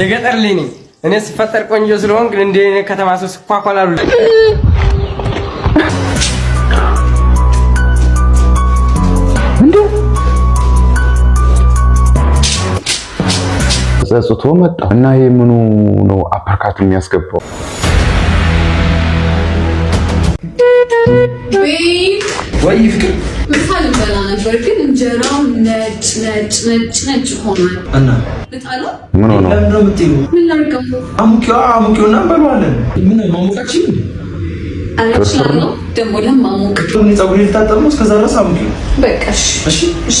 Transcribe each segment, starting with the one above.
የገጠር ልጅ ነኝ እኔ ስፈጠር ቆንጆ ስለሆንክ እንደ ከተማ ሰው ስኳኳላሉ። ጸጽቶ መጣ እና ይሄ ምኑ ነው አፐርካት የሚያስገባው? ወይ ፍቅር ምሳል በላ ነበር ግን እንጀራው ነጭ ነጭ ነጭ ነጭ ሆኗል። እና ልጣለው ምን ሆኖ ለምንድነው የምትይው? ምን ላድርገው? አሙቂዋ አሙቂውና በለዋለን። ምን ማሞቃችን አለችላለሁ ደግሞ ለማሞቅ ጸጉሬ ልታጠብ ነው። እስከዛ ድረስ አሙቂው በቃ እሺ እሺ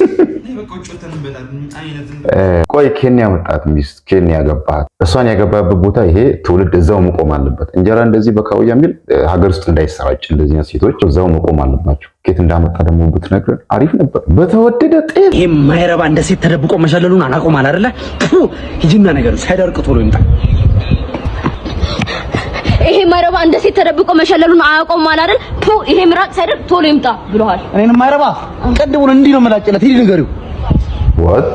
ቆይ ኬንያ መጣት ሚስት ኬንያ ገባት። እሷን ያገባበት ቦታ ይሄ ትውልድ እዛው መቆም አለበት። እንጀራ እንደዚህ በካውያ የሚል ሀገር ውስጥ እንዳይሰራጭ እንደዚህ ሴቶች እዛው መቆም አለባቸው። ኬት እንዳመጣ ደግሞ ብትነግረን አሪፍ ነበር። በተወደደ ጤፍ ይሄ ማይረባ እንደ ሴት ተደብቆ መሸለሉን አናቆም አናቆማል አይደለ? ሂጂና ነገር ሳይደርቅ ቶሎ ይምጣ። ይሄ ማይረባ እንደ ሴት ተደብቆ መሸለሉን አያቆም ማለት አይደል? ፑ ይሄ ምራቅ ሳይደርቅ ቶሎ ይምጣ ብለዋል። እኔን ማይረባ ቀድሙን እንዲህ ነው መላጨለት። ሂድ ንገሪው ወጥ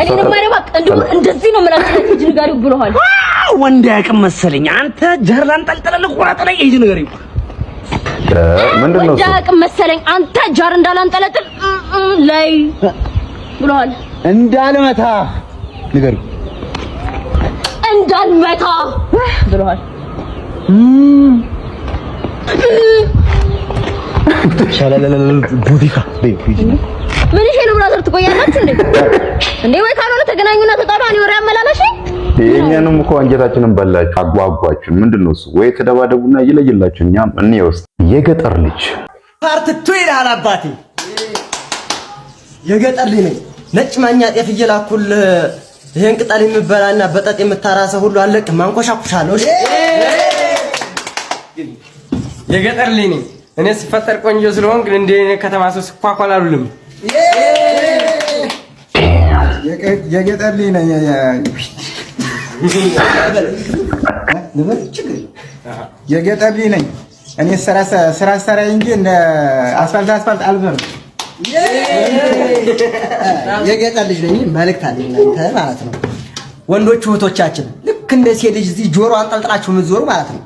እኔንማ ደግሞ እንደው እንደዚህ ነው ምናምን ልጅ ንገሪው ብሎሃል። ወንድ አያውቅም መሰለኝ። አንተ ጀርላን ጠልጥለህ ቆራጥ ላይ ልጅ ንገሪው ምንድን ነው? አያውቅም መሰለኝ። አንተ ጃር እንዳላንጠለጥል ላይ ብሎሃል። እንዳልመታ ንገሪው እንዳልመታ ብሎሃል። ሻላላላ ቡቲካ ቤት ምን ይሄ ነው ብራዘር፣ ትቆያላችሁ እንዴ? እንዴ ወይ ካልሆነ ተገናኙና ተጣሉ። እኔ ወሬ አመላለሽ የእኛንም እኮ አንጀታችንን በላችሁ፣ አጓጓችሁ። ምንድን ነው እሱ? ወይ ተደባደቡና ይለይላችሁ። እኛም እኔ ውስጥ የገጠር ልጅ ፓርት ቱ ይልሃል አባቴ። የገጠር ልጅ ነኝ። ነጭ ማኛ ጤፍ እየላኩልህ ይሄን ቅጠል የምበላና በጠጥ የምታራሰ ሁሉ አለቅ ማንኮሻኩሻለሁ። እሺ የገጠር ልጅ ነኝ እኔ። ስፈጠር ቆንጆ ስለሆን ግን እንደ ከተማ ሰው ስኳኳል አሉልም የገጠልኝ ነኝ የገጠልኝ ነኝ እኔ ስራ ሰራ እንጂ እንደ አስፋልት አስፋልት አልበርም። የገጠር ልጅ ነኝ። መልእክት አለኝ እናንተ ማለት ነው ወንዶቹ እህቶቻችን፣ ልክ እንደ ሴት ልጅ እዚህ ጆሮ አንጠልጥላችሁ የምትዞሩ ማለት ነው።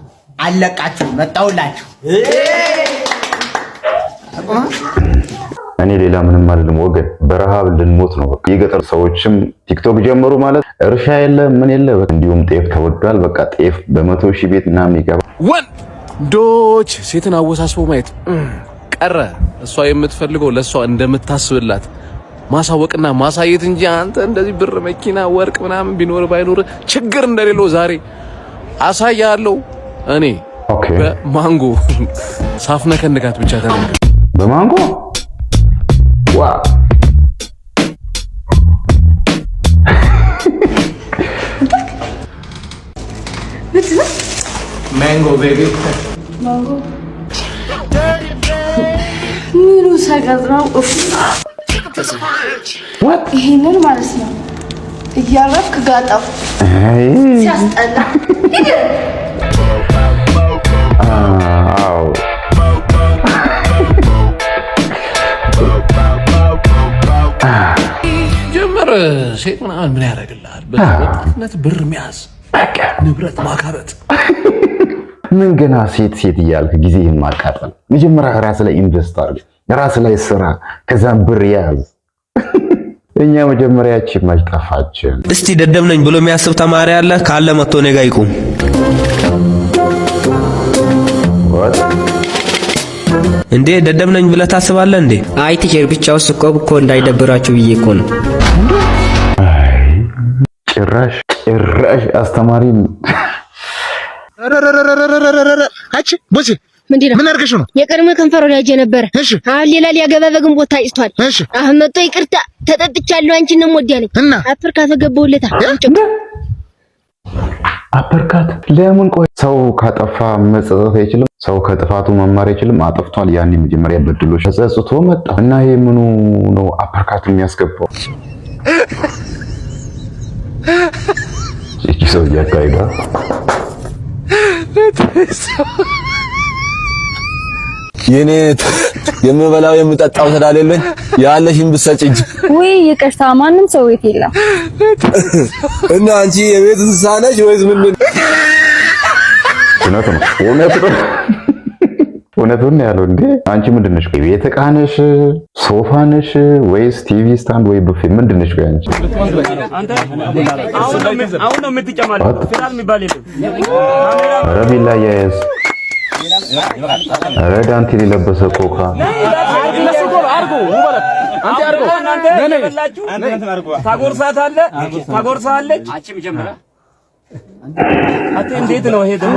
አለቃችሁ መጣውላችሁ እኔ ሌላ ምንም አይደለም ወገን፣ በረሃብ ልንሞት ነው። በቃ የገጠር ሰዎችም ቲክቶክ ጀመሩ ማለት እርሻ የለ ምን የለ። እንዲሁም ጤፍ ተወዷል። በቃ ጤፍ በመቶ ሺህ ቤት ምናምን ይገባል። ወንዶች ሴትን አወሳስበው ማየት ቀረ። እሷ የምትፈልገው ለእሷ እንደምታስብላት ማሳወቅና ማሳየት እንጂ አንተ እንደዚህ ብር፣ መኪና፣ ወርቅ ምናምን ቢኖር ባይኖር ችግር እንደሌለው ዛሬ አሳያለሁ እኔ በማንጎ ሳፍነከንካት ብቻ ተነገር በማንጎ ማንጎ ቤቢ ማንጎ ምኑ ሰቀጥ ነው። ይሄንን ማለት ነው እያረፍክ ጋጠው ሲያስጠላ ጀመር ሴት ምናምን ምን ያደርግልሃል? በወጣትነት ብር መያዝ፣ ንብረት ማካበት ምን ገና ሴት ሴት እያልክ ጊዜህን ማቃጠል? መጀመሪያ ራስ ላይ ኢንቨስት አድርግ፣ ራስ ላይ ስራ፣ ከዛም ብር ያዝ። እኛ መጀመሪያችን መች እስቲ ደደብ ነኝ ብሎ የሚያስብ ተማሪ አለ ካለ መጥቶ እኔ ጋ ይቁም። እንዴ ደደብ ነኝ ብለህ ታስባለህ እንዴ? አይ ቲቸር፣ ብቻውስ እኮ እኮ እንዳይደብራችሁ ብዬ እኮ ነው። ጭራሽ ጭራሽ አስተማሪም አንቺ ቦሴ ምን አድርገሽ ነው? የቀድሞ ከንፈሮ ላይ ነበረ። አሁን ሌላ ሊያገባ በግንቦት ታጭቷል። አሁን መጥቶ ይቅርታ ተጠጥቻለሁ አንቺን ነው የምወዳለኝ እና አፐርካት ገባሁለታ አፐርካት ለምን ቆይ ሰው ካጠፋ መጸጸት አይችልም ሰው ከጥፋቱ መማር አይችልም አጠፍቷል ያኔ መጀመሪያ በድሎች ተጸጽቶ መጣ እና ይሄ ምኑ ነው አፐርካት የሚያስገባው ይቺ ሰው እያካሄዳ የኔ የምበላው የምጠጣው ስላሌለኝ ያለሽን ብትሰጪኝ። ውይ ይቅርታ፣ ማንም ሰው ቤት የለም። እና አንቺ የቤት እንስሳ ነሽ ወይስ ምንድን ነው? እውነቱን ያለው እንዴ? አንቺ ምንድነሽ? ቤት ዕቃ ነሽ? ሶፋ ነሽ ወይስ ቲቪ ስታንድ ወይ ቡፌ ምንድነሽ? ቆይ አንቺ ኧረ ቢላ አያያዝ ኧረ ዳንቴል የለበሰ ኮካ ታጎርሳታለህ፣ ታጎርሳለች እንዴት ነው ይሄ ደግሞ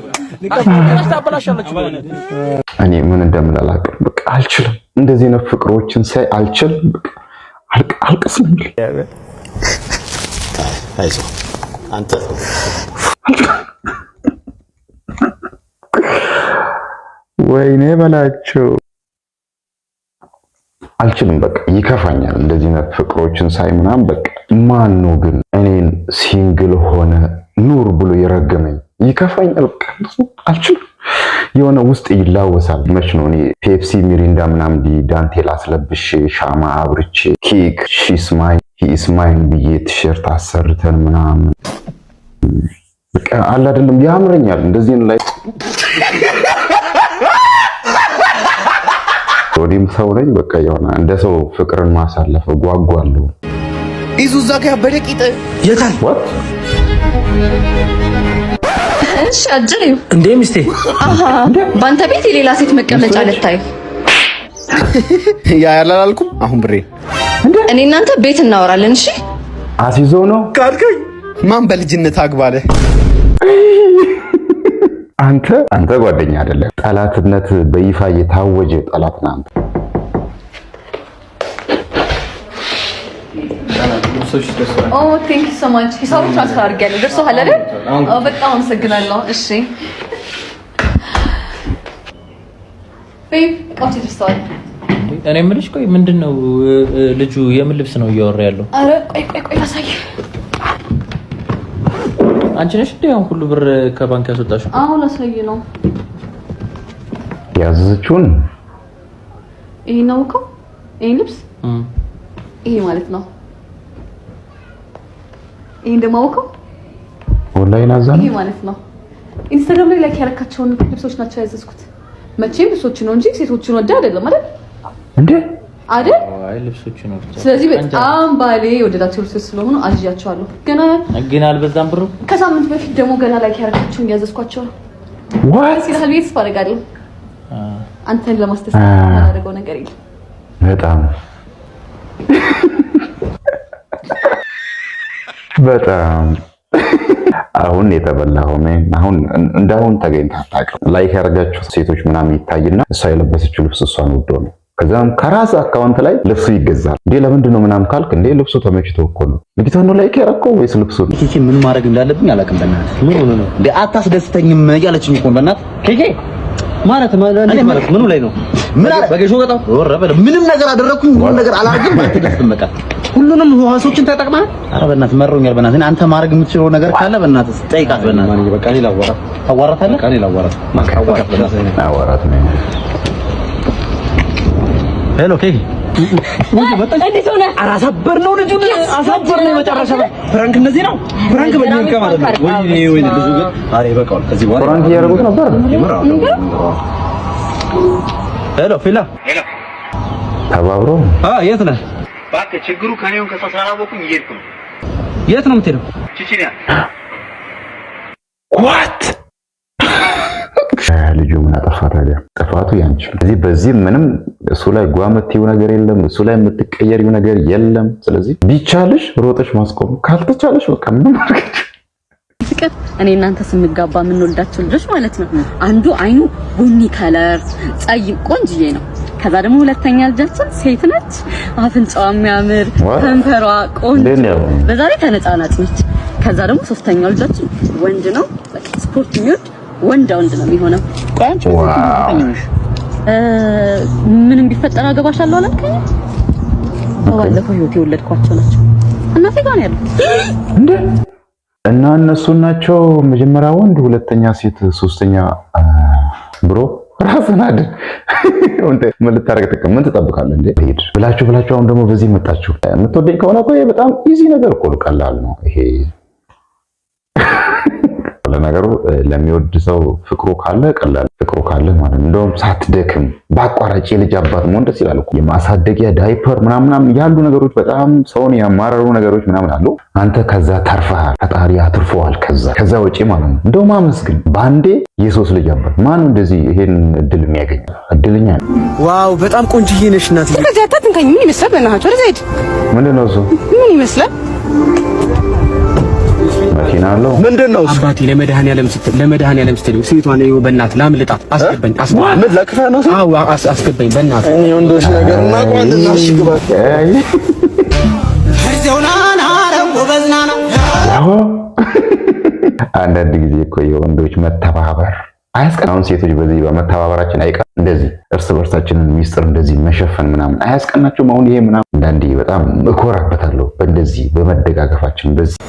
እኔ ምን እንደምላላቅ በቃ አልችልም። እንደዚህ ነው ፍቅሮችን ሳይ አልችል አልቀስ አንተ ወይኔ በላቸው አልችልም። በቃ ይከፋኛል። እንደዚህ ነው ፍቅሮችን ሳይ ምናምን በቃ ማን ነው ግን እኔን ሲንግል ሆነ ኑር ብሎ የረገመኝ? ይከፋኝ በቃ አልችልም። የሆነ ውስጥ ይላወሳል። መች ነው እኔ ፔፕሲ፣ ሚሪንዳ ምናምን ዳንቴል አስለብሼ ሻማ አብርቼ ኬክ ሺስማይ ሂስማይን ብዬ ቲሸርት አሰርተን ምናምን በቃ አለ አይደለም። ያምረኛል እንደዚህን ላይ ወዲም ሰው ነኝ። በቃ የሆነ እንደ ሰው ፍቅርን ማሳለፈ ጓጓለሁ። ኢዙዛ ጋር ጋ ያበደ ቂጥ የታል እሺ አጀዩ እንዴ ሚስቴ፣ አሃ ባንተ ቤት የሌላ ሴት መቀመጫ ልታይ ያ ያላላልኩም። አሁን ብሬ እኔ እናንተ ቤት እናወራለን። እሺ አሲዞ ነው ካልከኝ ማን በልጅነት አግባለ አንተ አንተ ጓደኛ አይደለም። ጠላትነት በይፋ የታወጀ ጠላት ነህ አንተ ደርሶች ደስ ኦ ቴንክ ዩ ሶ ማች ሂሳቡ ትራንስፈር አድርጌያለሁ። ደርሶሃል አይደል? አዎ በጣም አመሰግናለሁ። እሺ ቤብ እቃዎች እኔ የምልሽ ቆይ ምንድን ነው ልጁ የምን ልብስ ነው እያወራ ያለው? ኧረ ቆይ ቆይ ቆይ ላሳየህ። አንቺ ነሽ እንደ ሁሉ ብር ከባንክ ያስወጣሽ? አዎ ላሳይ ነው ያዘዘችውን። ይሄ ነው እኮ ይሄ ልብስ ይሄ ማለት ነው ይሄን ይሄ አውቀው ኦንላይን አዛን ይሄ ማለት ነው። ኢንስታግራም ላይ ላይክ ያረካቸውን ልብሶች ናቸው ያዘዝኩት። መቼም ልብሶችን ነው እንጂ ሴቶችን ወደ አይደለም አይደል እንዴ? አይደል? አይ ልብሶችን ነው። ስለዚህ በጣም ባሌ ወደዳቸው ልብሶች ስለሆኑ አዝዣቸዋለሁ። ገና ግን አልበዛም ብሩ። ከሳምንት በፊት ደግሞ ገና ላይክ ያረካቸውን ያዘዝኳቸው ነው። ዋት ቤት ሀልቤት አደርጋለሁ። አንተን ለማስደሰት ያደረገው ነገር የለም በጣም በጣም አሁን የተበላው አሁን እንደአሁን ተገኝታ አታውቅም። ላይክ ያደርጋቸው ሴቶች ምናምን ይታይና እሷ የለበሰችው ልብስ እሷን ወዶ ነው። ከዛም ከራስ አካውንት ላይ ልብሱ ይገዛል። እንዴ ለምንድን ነው ምናምን ካልክ እንዴ ልብሱ ተመችቶ እኮ ነው። ልጅቷ ነው ላይክ ያደረገው ወይስ ልብሱ ነው? ኬኬ ምን ማድረግ እንዳለብኝ አላውቅም። በእናትህ ምን ሆነ ነው እንዴ አታስደስተኝም እያለችኝ እኮ በእናትህ ኬኬ ማለት ማለት ምኑ ላይ ነው? ምን አረ በገሾ ወጣ ወረ በለ ምንም ነገር አደረኩኝ ምንም ነገር አላደረግኩም። በቃ ሁሉንም ህዋሶችን ተጠቅመህ። ኧረ በእናትህ መሮኛል። በእናትህ አንተ ማድረግ የምትችለው ነገር ካለ በእናትህ ጠይቃት። በእናትህ በቃ ሌላ አዋራት ታዋራታለህ። በቃ ሌላ አዋራት አዋራት ነው። ሄሎ ኬክ ነው አሳበር ነው። መጨረሻ ፍራንክ እንደዚህ ነው። ፍራንክ ማለት ነው። ግን ፍራንክ ሄሎ ፊላ ተባብሮ የት ነህ? ባከ ችግሩ ከኔውን ከሳሳራቦኩኝ እየሄድኩ ነው። የት ነው የምትሄደው? ቺቺኒያ ዋት ልጁ ምን አጠፋ ታዲያ? ጥፋቱ ያንቺ ነው። ስለዚህ በዚህ ምንም እሱ ላይ ጓ የምትይው ነገር የለም፣ እሱ ላይ የምትቀየሪው ነገር የለም። ስለዚህ ቢቻልሽ ሮጠሽ ማስቆም ካልተቻለሽ በቃ ምንም አድርገሽ ፍቅር እኔ እናንተ ስንጋባ የምንወልዳቸው ልጆች ማለት ነው አንዱ አይኑ ቡኒ ከለር ጸይም ቆንጅዬ ነው። ከዛ ደግሞ ሁለተኛ ልጃችን ሴት ነች። አፍንጫዋ የሚያምር ከንፈሯ ቆንጆ፣ በዛ ላይ ተነጫናጭ ነች። ከዛ ደግሞ ሶስተኛው ልጃችን ወንድ ነው። ስፖርት የሚወድ ወንዳ ወንድ ነው የሚሆነው። ምንም ቢፈጠር አገባሻለሁ አላልከኝ? ባለፈው ህይወት የወለድኳቸው ናቸው እናቴ ጋር ነው ያሉት። እና እነሱ ናቸው መጀመሪያ ወንድ፣ ሁለተኛ ሴት፣ ሶስተኛ ብሮ ራስን አድን ምን ልታደርግ ጥቅም ምን ትጠብቃለህ እንዴ? ሄድ ብላችሁ ብላችሁ አሁን ደግሞ በዚህ መጣችሁ። የምትወደኝ ከሆነ እኮ በጣም ኢዚ ነገር እኮ ቀላል ነው ይሄ ለነገሩ ለሚወድ ሰው ፍቅሩ ካለ ቀላል ፍቅሩ ካለ ማለት ነው። እንደውም ሳትደክም በአቋራጭ የልጅ አባት መሆን ደስ ይላል። የማሳደጊያ ዳይፐር ምናምናም ያሉ ነገሮች በጣም ሰውን ያማረሩ ነገሮች ምናምን አሉ። አንተ ከዛ ተርፈሃል። ፈጣሪ አትርፈዋል። ከዛ ከዛ ውጪ ማለት ነው። እንደውም አመስግን። በአንዴ የሶስት ልጅ አባት ማነው እንደዚህ ይሄን እድል የሚያገኝ? እድልኛ ነው። ዋው በጣም ቆንጅዬ ነሽ እናት። ምን ይመስላል? በእናትህ ወደ ዘይድ ምንድን ነው እሱ ምን ይመስላል? መኪና አለው። ምንድን ነው አባቴ? ለመድኃኒዓለም ስትል ለመድኃኒዓለም ስትል ሴቷን ይኸው፣ በእናትህ ላምልጣት፣ አስገባኝ፣ አስገባኝ፣ በእናትህ ወንዶች ነገር አንዳንድ ጊዜ እኮ የወንዶች መተባበር አያስቀንም። አሁን ሴቶች በዚህ በመተባበራችን አይቀር እንደዚህ እርስ በርሳችንን ሚስጥር እንደዚህ መሸፈን ምናምን አያስቀናቸውም። አሁን ይሄ ምናምን አንዳንዴ በጣም እኮራበታለሁ በእንደዚህ በመደጋገፋችን በዚህ